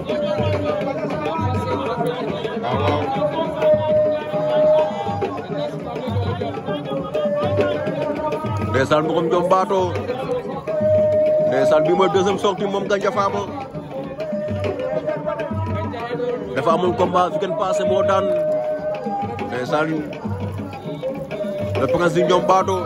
ndeysaan Borom Diom Baato ndeysaan bii mooy deuxième sortie moom Gandia Fama dafa amoon combat weekend passé moo daan ndeysaan le prince du Diom Baato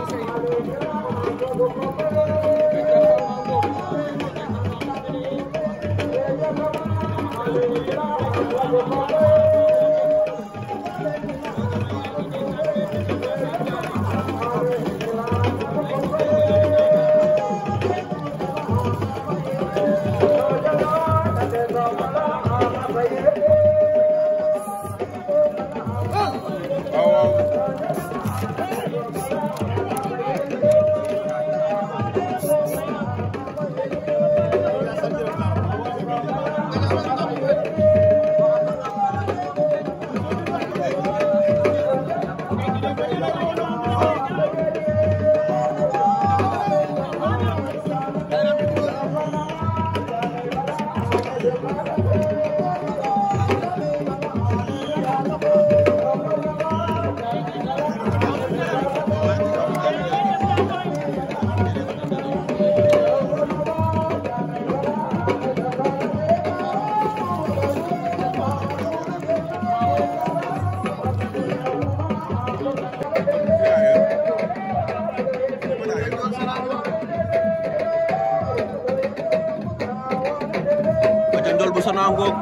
Ndigal bu Sana ngoog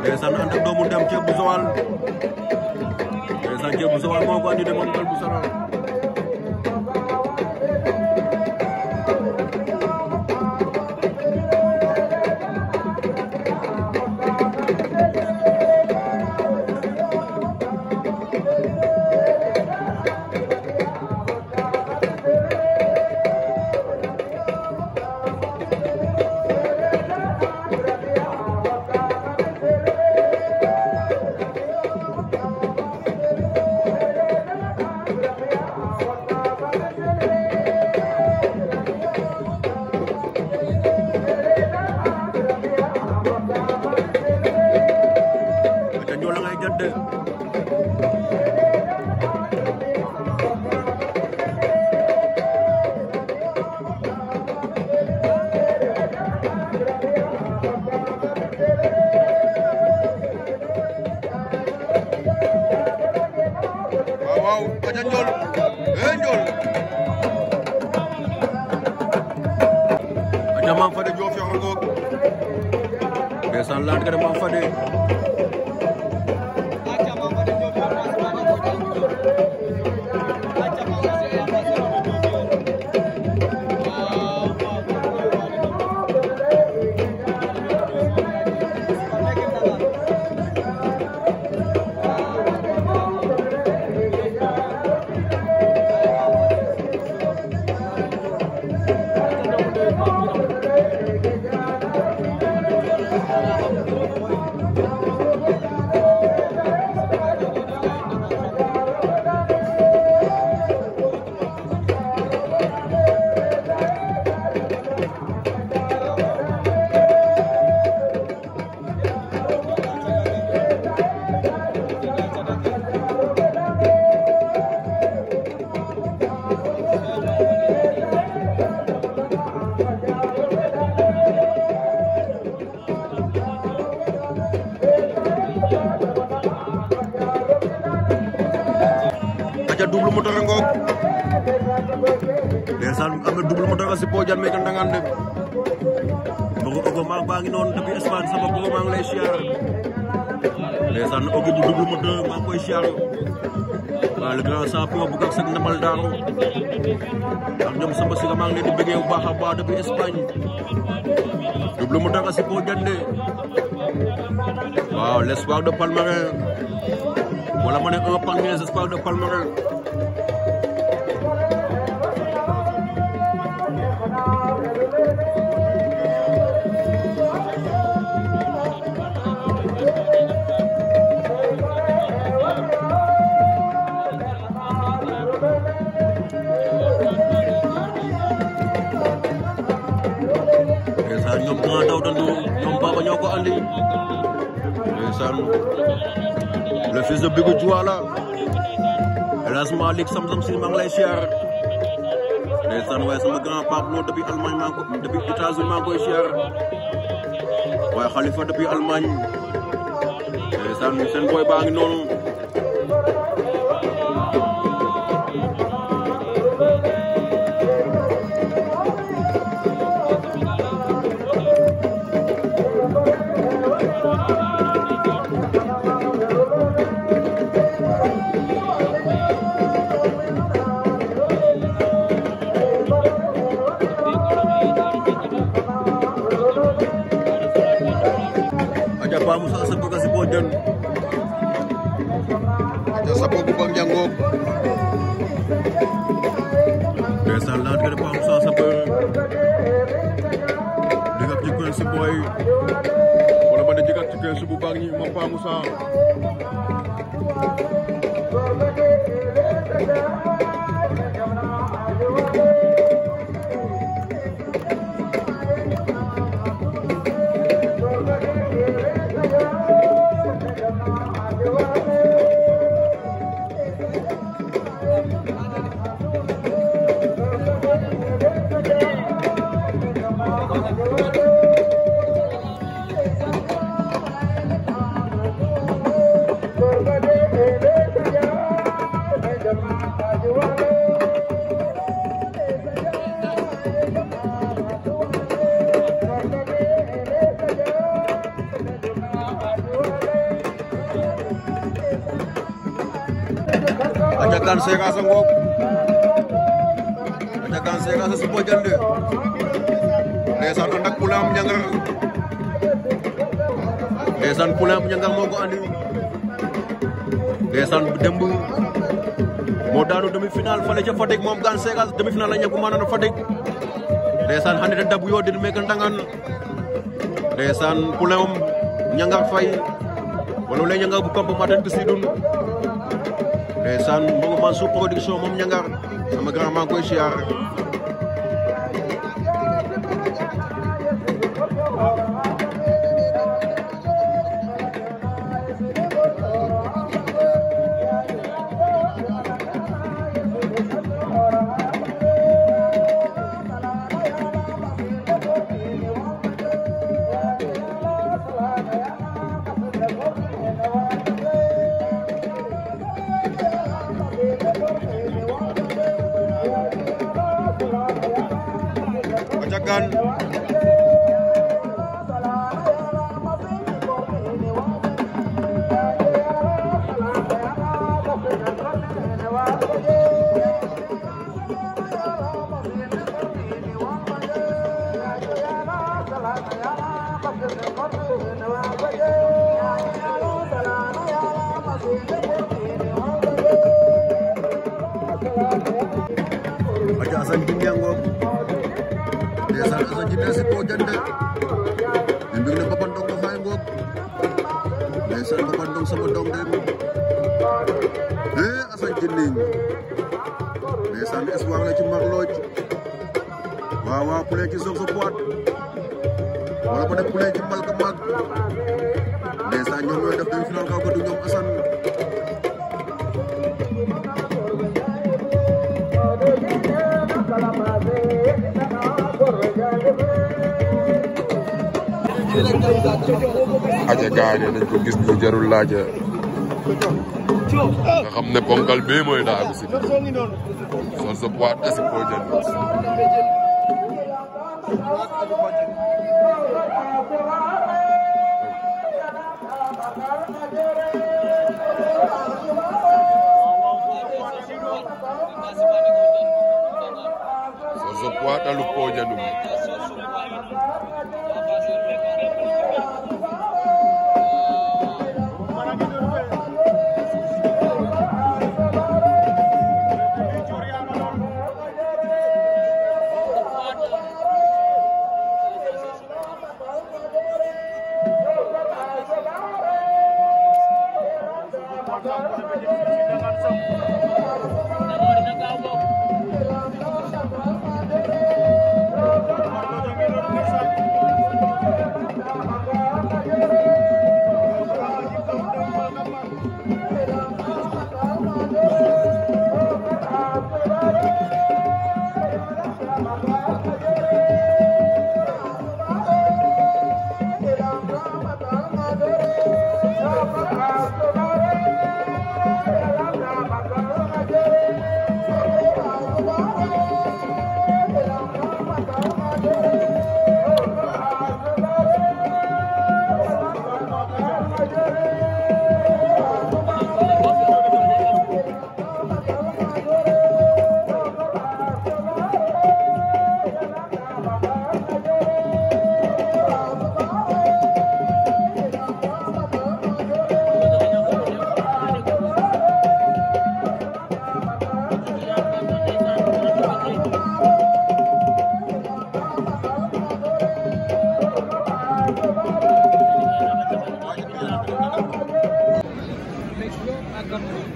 ndeysaan ànd ak doomu ndam ceeb bu Joal ndeysaan ceeb bu Joal moo ko andi de moom Ndigal Dialme Kër Ndangande Ogo Ogo maa baa ngi noon depuis Espagne sama bopp maa ngi lay siyaar ndeysaan Ogo bu dugg ngi koy siyaar waaw le grand champion bu gàtt sëg ndamal daanu ak ñoom Samba Siga maa ngi di bëggee bu baax a baax depuis Espagne double moteur asi pour Dialme waaw l' espoir de Palmarin wala ma ne un parmi les espoirs de de Bigu Juwala El Hadj Malick Samsam si maa ngi lay siyaar ndeysaan waaye sama grand Pape Lo depuis maa ko depuis États-Unis maa ngi koy waaye Khalifa depuis Allemagne ndeysaan seen boy baa ngi noonu ba musa sabu kasi po dyan. Ito sa po kubang jangok. Pesa lahat ka na pa musa sabu. Dikap jikin si boy. Wala ba na jikap jikin si bubang ni mampa musa. Thank you. kan sai ka san ko da kan sai ka san supo jande ndeysaan ànd ak Poulain am Ndiangar ndeysaan Poulain am andi ndeysaan démb moo demi final fële fadik Fatick gan Gane Seras demi final la kemana fadik Desa ndeysaan hannde da dabu yoodir meke ndangan ndeysaan Poulain am Ndiangar Faye wala le Ndiangar bu ndeysaan mbongo Mansour production moom ñangar a grand maa ngi koy siyaar wala bu nekk poulet ci mbalka maag ndeysaan ñoom ñooy def dañ final kaw ko du ñoom Assane aja gaay nee nañ ko gis ñu jarul laaja nga ne ponkal bii mooy daagu si sol sa poids asi koo jël hata lupoja lumu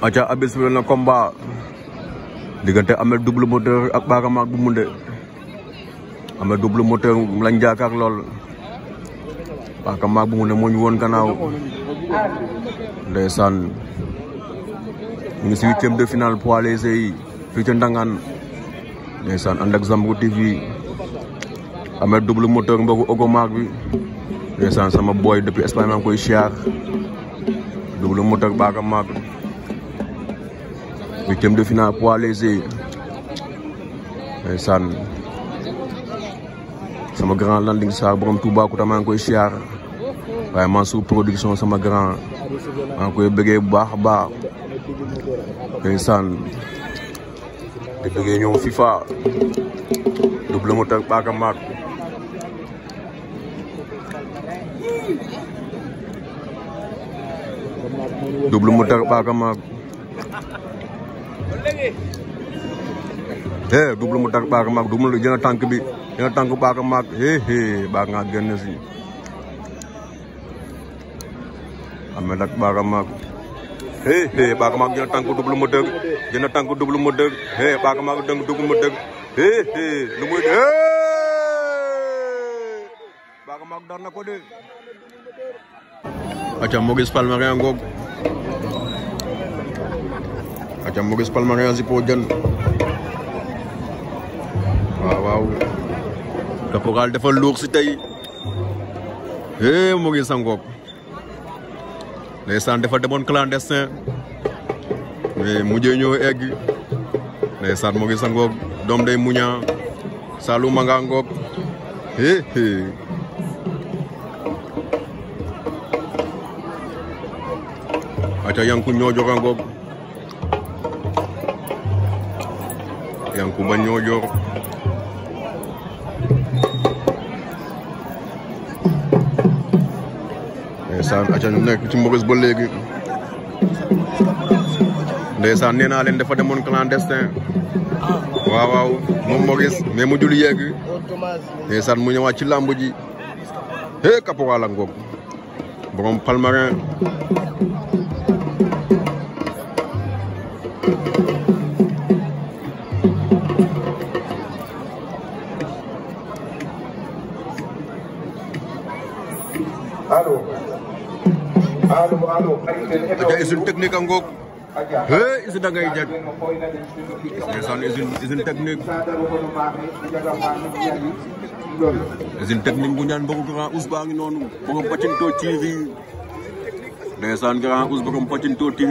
aca abis bi na combat diggante Ameth double moteur ak Bara Mack bu Moundé Ameth double moteur lañ jaakaar lool Bara Mack bu Moundé woon gannaaw ndeysaan ñu ngi si huitième de finale poids léger yi fii ca Ndangaan ndeysaan ànd TV Ameth double moteur mboogu Ogomar bi ndeysaan sama boy depuis Espagne maa ngi koy siyaar double moteur Bara Mack huitième de finale poids ça, c'est sama grand landing Sarr borom Toubacouta maa ngi koy siyaar waaye Mansour production sama grand maa ngi bah bah, bu baax a di FIFA double moteur paaka maak double moteur paaka eh double mu tànk baax maag double jëna tànk bi jëna tànk baax maag eh eh baax nga génn si amee nag baax maag eh eh baax tànk double mu dëgg jëna tànk dëng double mu dëgg eh eh lu muy eh baax maag dar ko de aca moo gis palmarin ngoog aca Maurice Palmarin a sipo jan waaw waaw caporal dafa luux si tey é Maurice a ngoog ndeysaan dafa demoon clandestin mais mujjee ñëw egg ndeysaan Maurice a ngoog doom day muña Saloum a nga ngoog é aca yanku ñoo jox a ngoog Yankuba Niodior ndeysaan aca ñu nekk ci mauvaise ba léegi ndeysaan nee naa leen dafa demoon clandestin waaw waaw moom Maurice mais mu jul yeeg ndeysaan ci làmb ji hé Caporal palmarin Aja izin teknik a ngoog he usine a ngay izin izin izin teknik. technique usine technique bu ñaan mbogu grand ous baa ngi TV. borom Pacinto us TV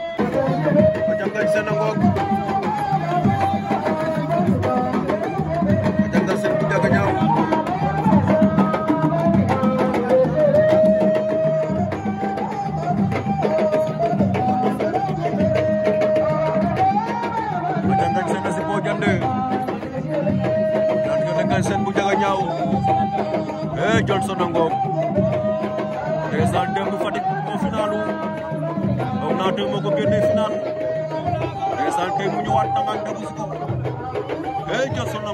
Pajang senang ang wag. Pajang Gaisen kita kanya. Pajang Gaisen na si Pojan Eh Johnson eh, senang wag. Desa Dembu Fatik Mufinalu. Pajang ordinateur moo ko génnee final ndeysaan tey mu ñëwaat na nga dabu ko eh Johnson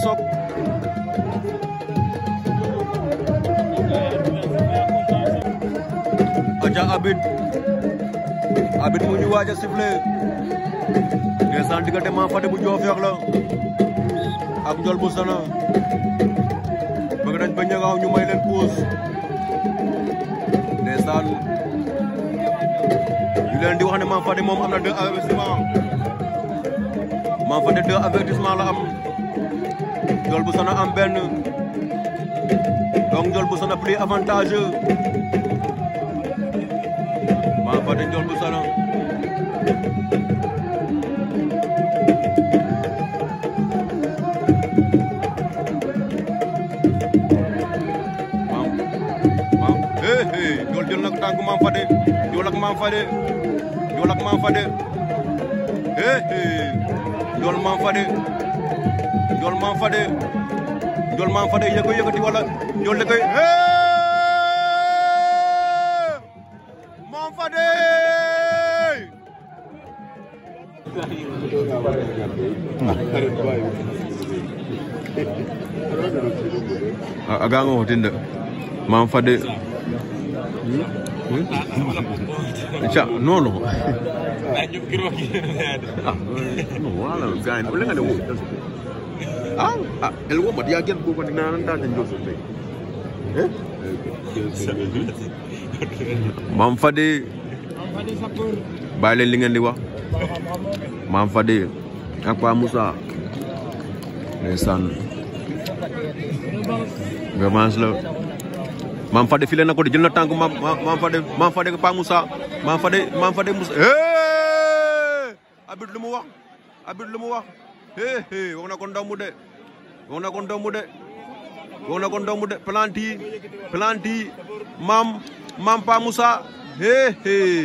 masuk Ajak Abid Abid mu waaj a sifflé ndeysaan diggante Mame Fadé bu Joof Yor la ak Ndiol Aku jual bëgg nañ ba ñëgaaw ñu may leen puus ndeysaan ñu leen di wax ne Mame Fadé moom am na deux avertissement Mame Fadé deux avertissement la am Ndiol bu Sana am benn donc Ndiol bu Sana plus avantageux Mame Fadé Ndiol bu Sana Ndiol jël na ko tànk Mame Fadé Ndiol ak Mame Fadé Ndiol ak Mame Fadé Ndiol Mame Fadé Ndiol Mame Fadé Ndiol Mame Fadé yéen koy yëkkati wala Ndiol la koy. Mame Fadé. Ah, a ganga xotin de Mame Fadé ca ah, non non wala gaay o lenga de wo 아, 아, 엘고 뭐 이야기한 부분이 나는 다른 조수인데. 예? Mame Fadé. bàyyi leen li ngeen di wax. Mame Fadé ak Pa Moussa. ndeysaan. revanche la. Mame Fadé file na ko di jël na tànk Mame Mame Fadé Mame Fadé Pa Moussa Mame Fadé Mame lu mu wax Abid lu mu wax. hé hé wax na ko ndamu de. wax na ko ndomb de wax na ko ndomb de planti planti maam maam Pa Moussa hee hee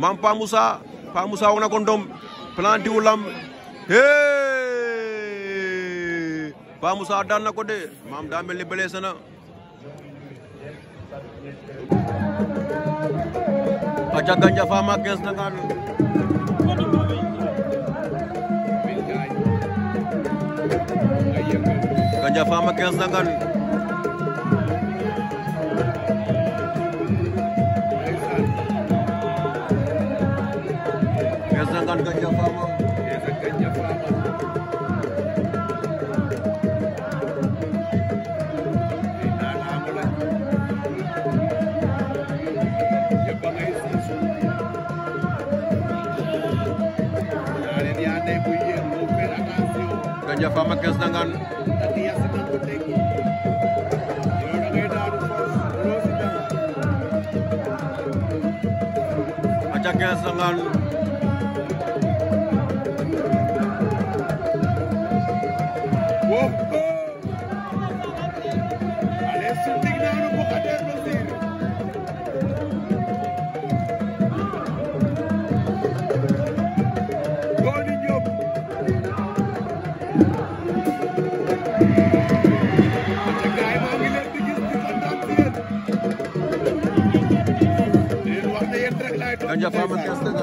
maam Pa Moussa Pa Moussa wax ko ndomb planti wu lam hee Pa Moussa de maam daa mel ni na aca ganja fama 15 na Fama 15 secondes. Quinze secondes Gandia Fama. ganja Fama 15 secondes. Aja Kensangan जफा में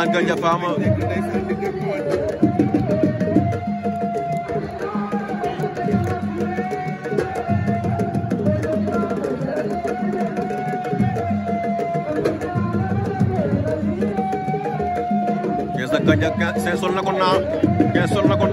naan Gandia Fama Kees nag sol na ko naa sol na ko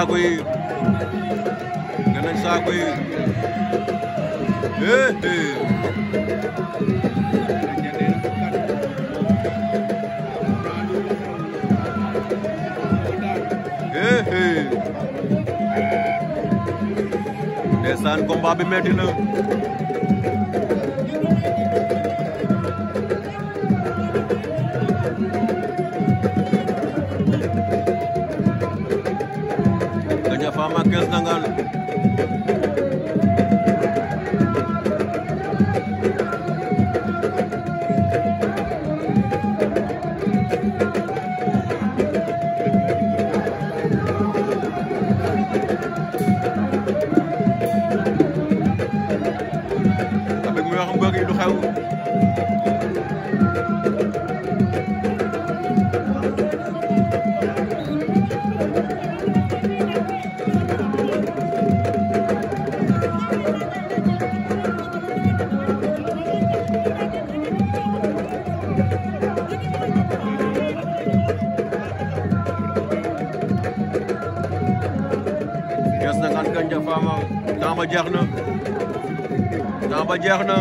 saako yi nee nañ saako yi eh eh. ndeysaan combat bi metti na I'm going to. ba jeex na temps ba jeex na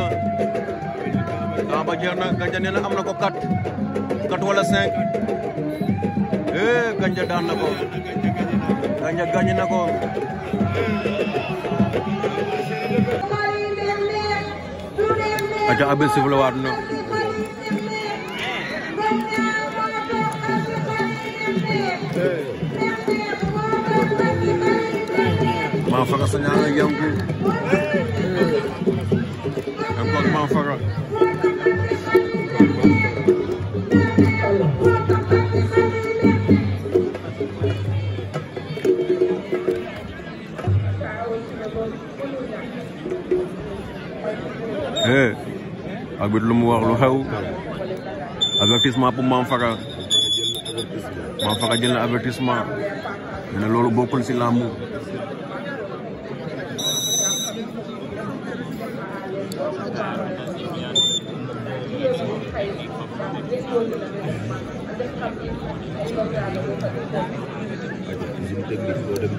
temps ba jeex na Gandia nee am na ko quatre quatre wala cinq eh Gandia daan na ko Gandia gàññ na ko aca abe sifle waat na Manfaga Sanyana Yanku Yanku ak Manfaga Eh, ak Eh, lu mu wax lu xew avertissement pour Manfaga Manfaga jël na avertissement ne loolu de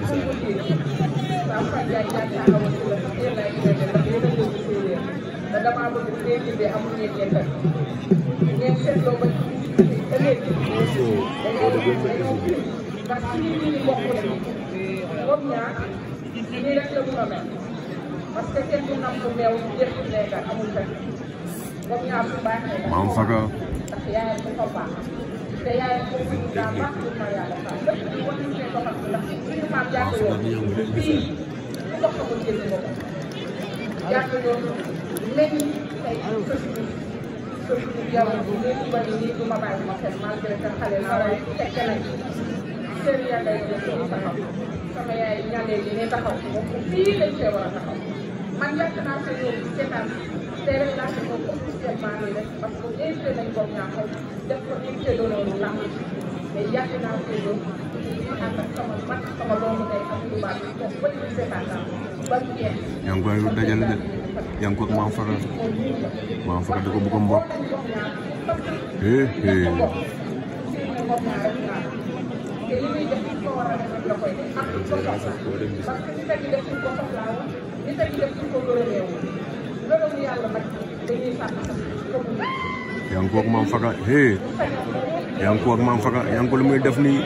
Mount Saka. ndax suñu maam yàgg yoon fii ndox amul génn bopp yàgg yoon léegi tey sësuñu sësuñu yow léegi ma ni nii du ma bàyyi ma xel malgré que xale naa waaye fekke nañ seen yàlla yi dañuy taxaw sama yaay ñaanee li ne taxaw moom fii lañ fee war a taxaw man yàgg naa sa yoon seetaan tey rek laa ko moom officiellement nii rek parce que invité nañ bopp ñaa xaw def ko invité d'honneur làmb mais yàgg naa sa yoon yang gue udah jalan deh, yang mau mau maafkan maafkan aku bukan buat hehe eh. yang mau manfaat, hei, eh. yang mau manfaat, yang kau lebih definisi.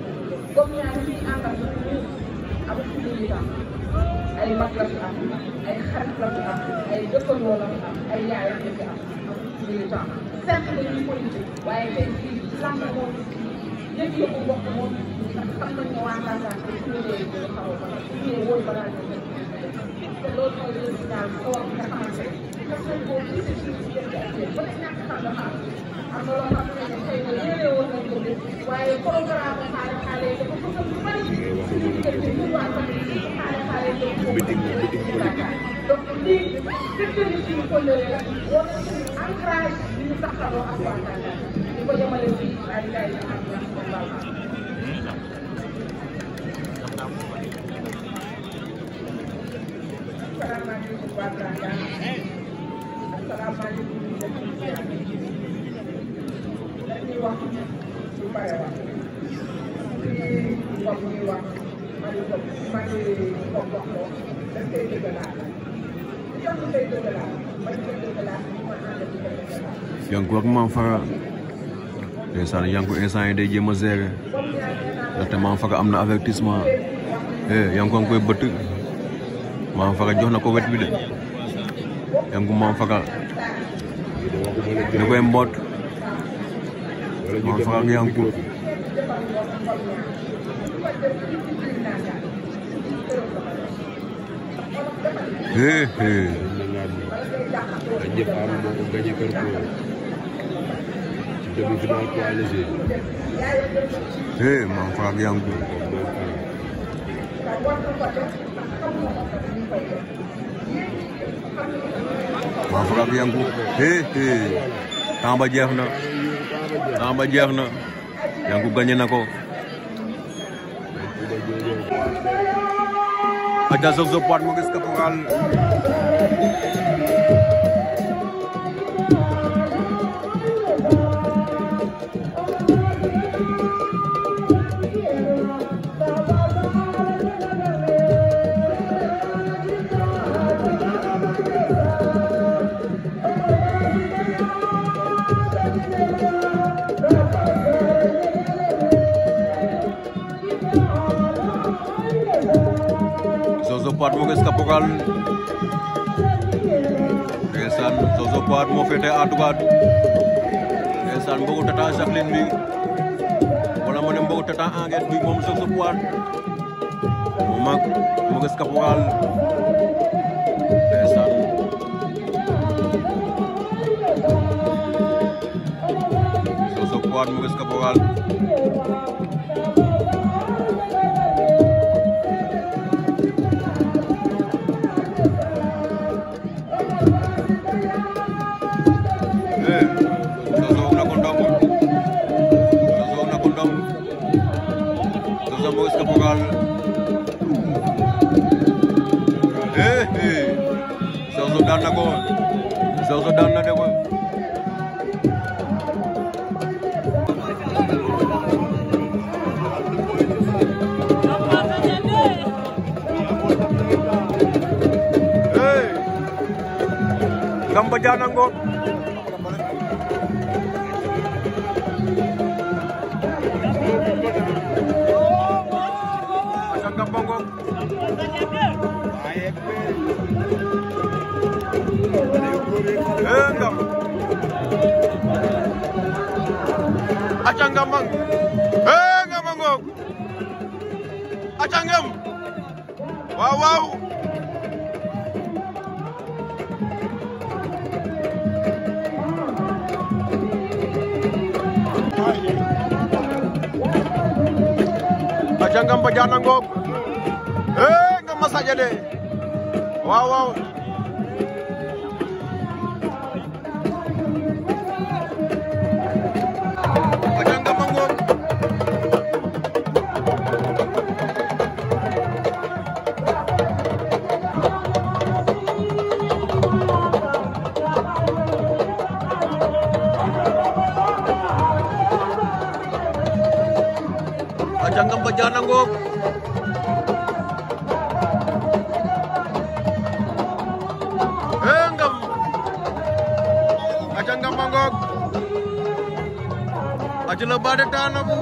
comme ñaar ñuy àndal ñun amul ci biir bi ay mag la fi am ay xarit la fi am ay dëkkandoo la fi am ay yaay la fi am amul ci biir temps certes dañuy politique waaye tey jii lamb moom lépp yëpp mbokk moom ndax xam nañ ne waa Dakar dañ ko jëlee ba xaw a ba su ñëwee wóor ba laaj ko te loolu mooy résultat bi kawam nga xamante ne question boobu ci ci ci ba ne ñàkk xam dafa am am na loo xam ne tey jii réewoon nañu waaye programme xaare xaale yi dafa bëgg lu bari suñu diggante ñu waa Fatick xaare xaale yi donc lii fekkee suñu kóllëre la war na suñu ancrage bi ñu taxawoo ak waa Tànga di ko yemale fii ay lay am na ko baax asalaamaaleykum waa Tànga asalaamaaleykum ñun ñëpp ñu ngi wax pare wax fii bopp ñuy wax instant yi day jéem a gérer ndaxte maam Fara am na avertissement yaa ngi ko koy bëtt maam jox na ko wet bi de yaa ngi ko maam Fara da Wala Franck Yankou. Hé hé. Aja paham mau gagner perpu. Demi final poids léger. Hé, mon frère Yankou. Mon frère Yankou. Hé na. lamba jeex na Yankou gagné na ko aja Sox Sox mu gis Caporal part mo gis kapogal ndeysaan Jojo Paat moo féete àddu àddu ndeysaan mbogu tata Jacqueline bi wala ma ne mbogu tata enquête bi moom Jojo Paat mu mag mo gis kapogal ndeysaan Jojo Paat mo gis kapogal daan na ko Sossokh daan na Déboye Lamba Diané Ngom Aca Ngamba Ngom Badiane a ngoog ee nga Massa waaw waaw Papa ngoog hee ngam aca ngam a ngoog aca la baade taana bu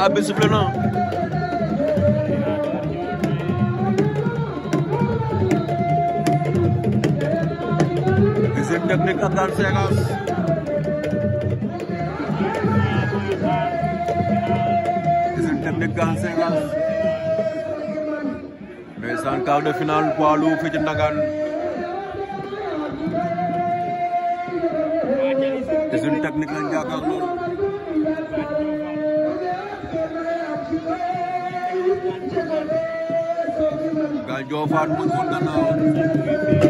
arbitre sifflé na visite technique Kaptan Seras visite technique Kaptan Seras ndeysaan quart de finale poids lourd fii ci Ndagane visite technique lañ jàkkaarloo Jovan mun mun gannaaw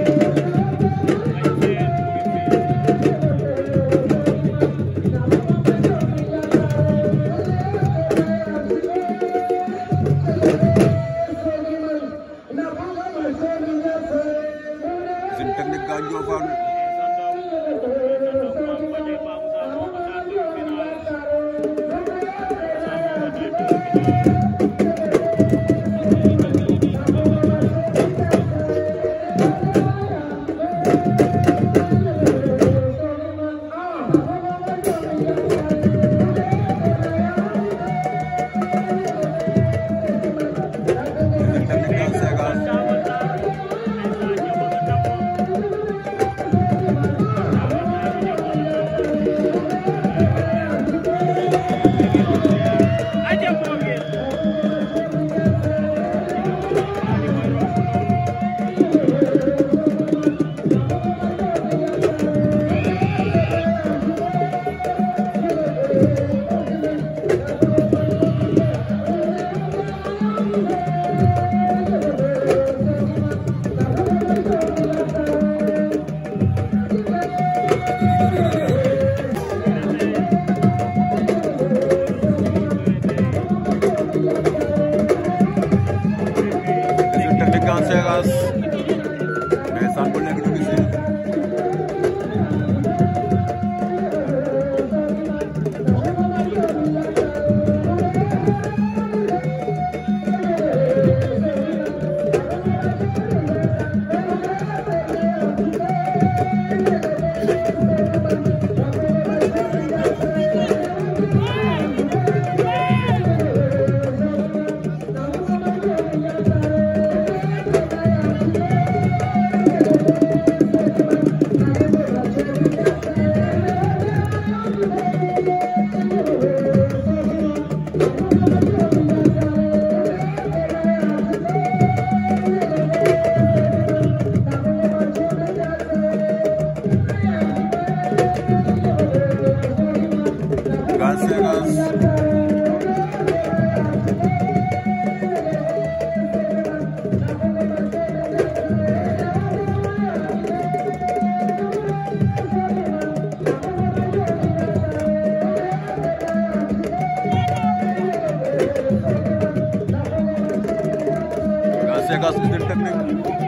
से अगस्त दिन तक नहीं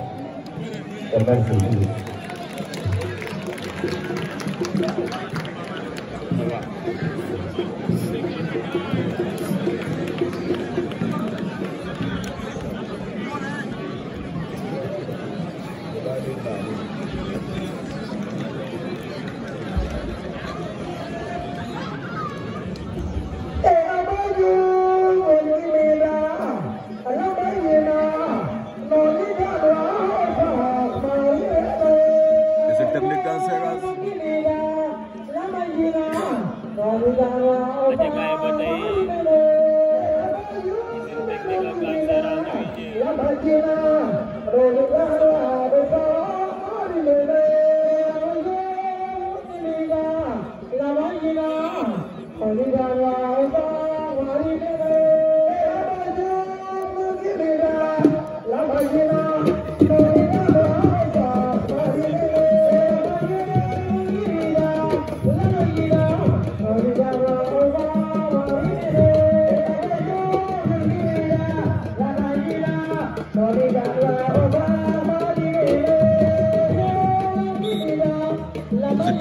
terbaik Thank you.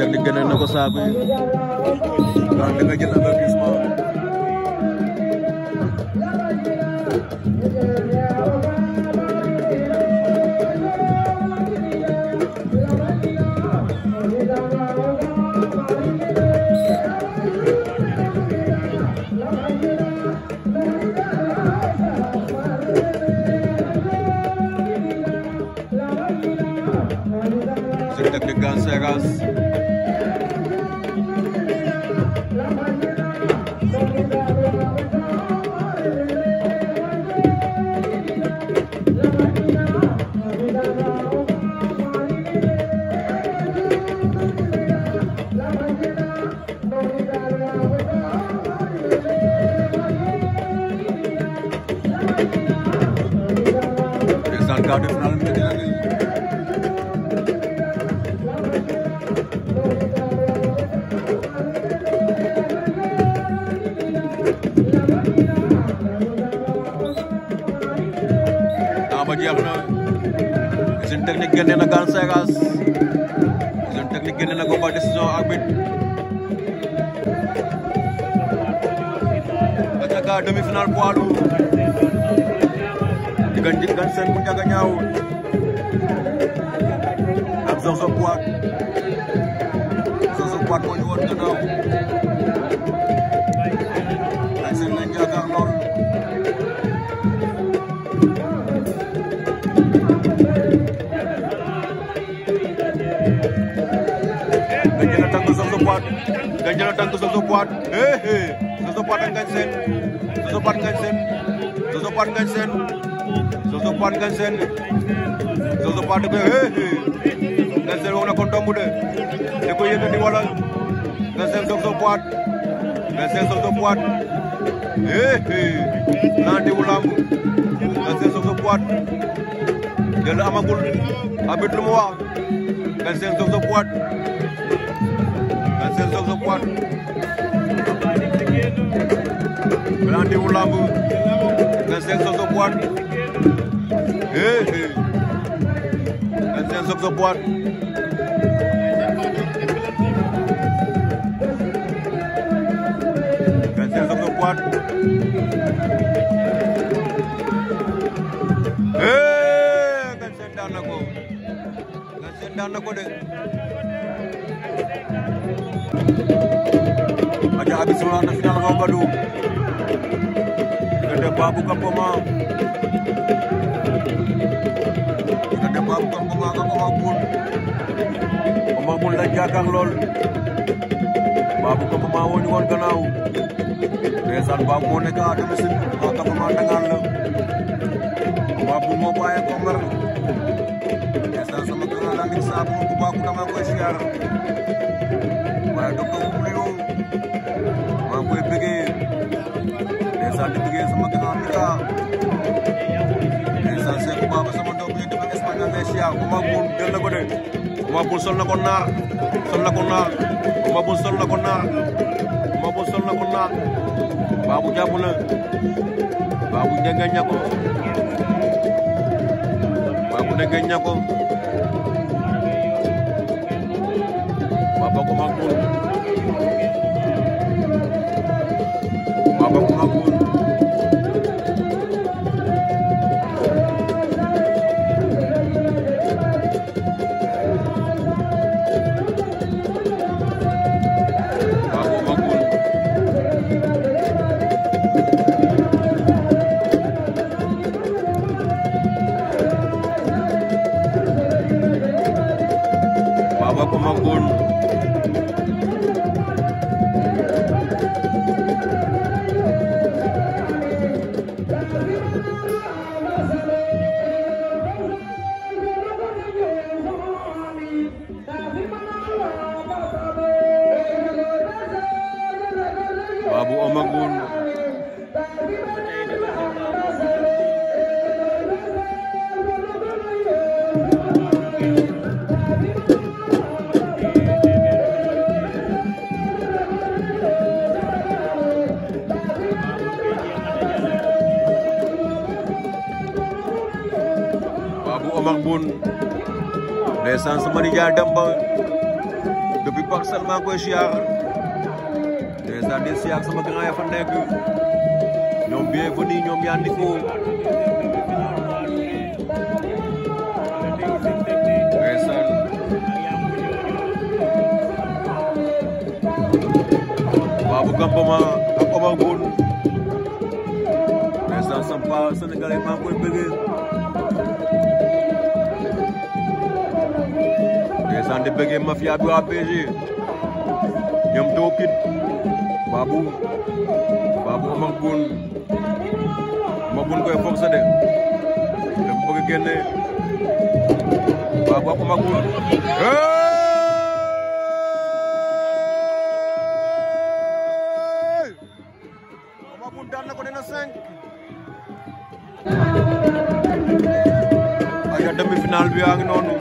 dagdaganan ako sa a da a jël la demi-finale poids lourd diggante Gan Sène bu Ndiaga Niao ak Zozo Boite Zozo Boite moo ñu woon gannaaw Gan Sène lañ yaakaar lool nga jël tànk Zozo Boite nga jël tànk Zozo Boite eh eh Zozo Boite ak Gan Sène Jojo Paate Ngagne Sène Jojo Paate Ngagne Sène Jojo Paate Ngagne Sène Jojo Paate ko Ngagne Sène eh, eh. wong na ko ndombu de da koy yëkkati wala Ngagne Sène Jojo Paate Ngagne Sène Jojo Paate naan diwu lamb Ngagne Sène Jojo Paate jël amagul abit lu mu wax Ngagne Sène Jojo Paate Ngagne Sène Jojo Paate rendez-vous lamb nga seen Sox sa boîte eh eh nga seen Sox sa boîte nga seen Sox sa boîte eh nga seen daan na ko nga seen daan na ko de. Aja habis menang final Ramadan. Babou Kampoma diggante Babou Kampoma ak Oma Boul Oma Boul lañ jàkkaar lool Babou Kampoma woo ñu woon gannaaw ndeysaan Babou moo nekk à domicile Oma a dangaan la Oma Boul moo bàyyee ko Mbar ndeysaan sama kanam laa ngi saa bu ma ko baaxul dama koy siyaar waaye docteur Oumou Lyon maa ngi koy bëggee ndeysaan di bëggee sama grand pita ndeysaan Seeku Baba sama doom bi dama Espagne Malaysia Oumar Boun jël na ko de Oumar Boun sol na ko naar sol na ko naar Oumar Boun sol na ko naar Oumar Boun sol na ko naar Babou jàpp na Babou ndengeñ na ko Babou ndengeñ na ko Baba ko Oumar Poul ndeysaan sama nijaay Demba depuis Parcelles maa koy siyaar ndeysaan di siyaar sama grand ya fa nekk ñoom bienvenue ñoom yaa niko Babou Kampama ak Omar Goun ndeysaan sama Sénégalais maa koy bëggee Dan di bëggee mafia bi PJ, PG tokit babu, babu baabu pun, buun ma buun koy forcé de da bëgg babu génne baabu ak amag ko demi final bi yaa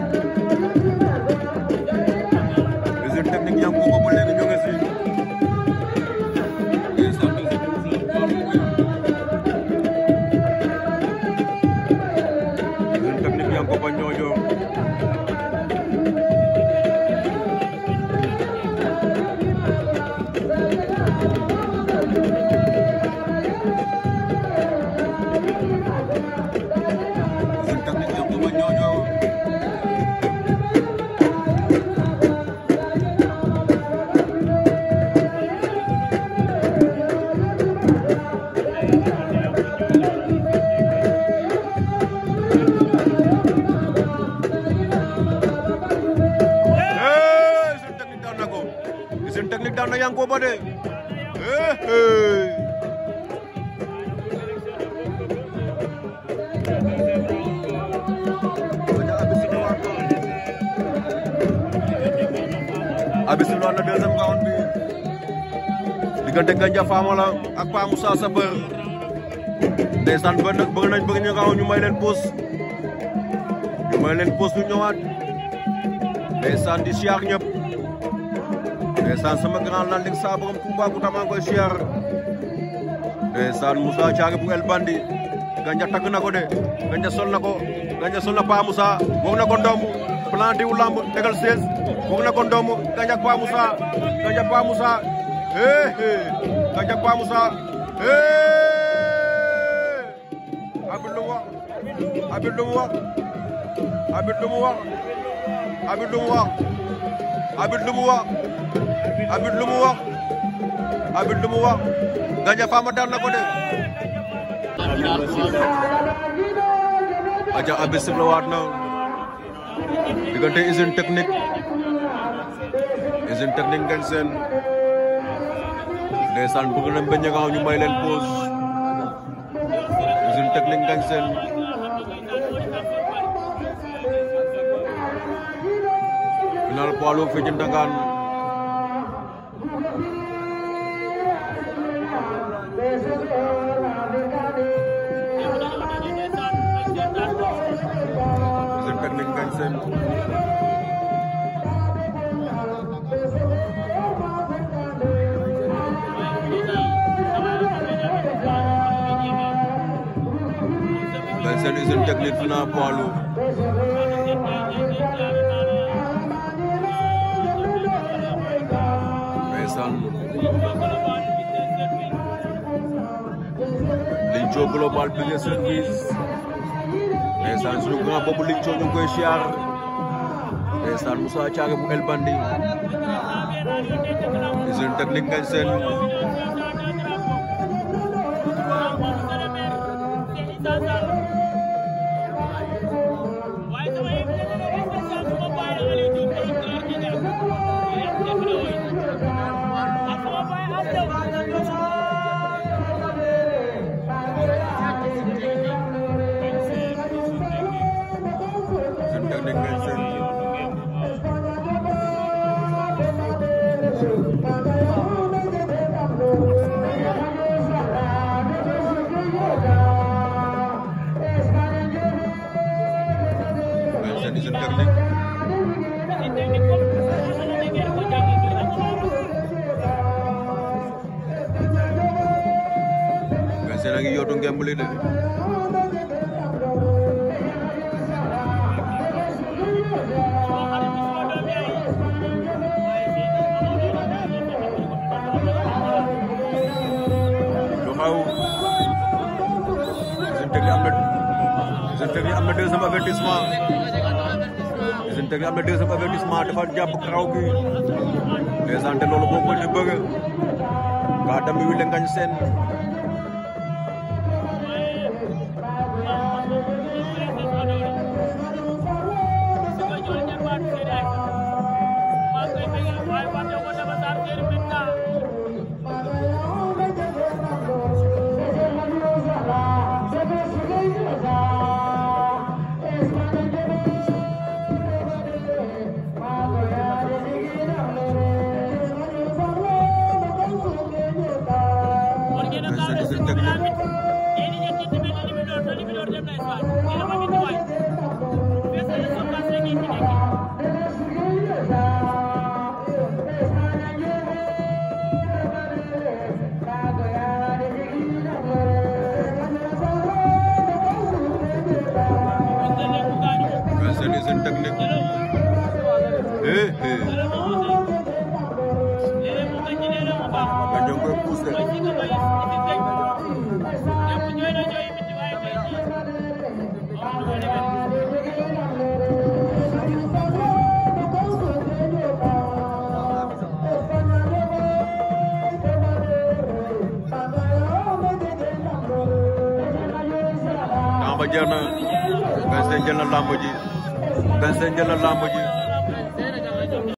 Adja Fama la ak Pa Moussa sa bër ndeysaan bëgg bëgg nañ bëgg ñu kaw ñu may leen pause ñu may leen pause ñu ñëwaat ndeysaan di siyaar ñëpp ndeysaan sama grand lan lig sa borom Toubacouta maa ngi koy siyaar ndeysaan Moussa Thiaré bu El Bandi ganja tagg na de ganja sol na ganja sol na Pa Moussa wog na ko ndomb plan diw lamb tegal 16 wog na ko ganja Pa Moussa ganja Pa Moussa Hey, eh, eh. hey. nga jag Pa Moussa hee abit lu mu wax abit lu mu wax abit lu mu wax abit lu mu wax abit lu mu wax abit lu mu wax na ko de aja abit sib waat na diggante usine technique usine technique ngeen seen ndeysaan bëgg nañ ba ñagaaw ñu may leen pause usine technique ngañ seen final poids lourd fii ci Ndangane organise une technique final poids lourd. ndeysaan global business service ndeysaan suñu grand boobu Ligco ñu ngi koy siyaar ndeysaan Moussa bu El Bandi usine technique completed. Zintegri Amadeus sama Vertisma Zintegri Amadeus sama Vertisma dapat dia berkerauki Lesan telolok pun juga Kadang Miwi Lengkan Sen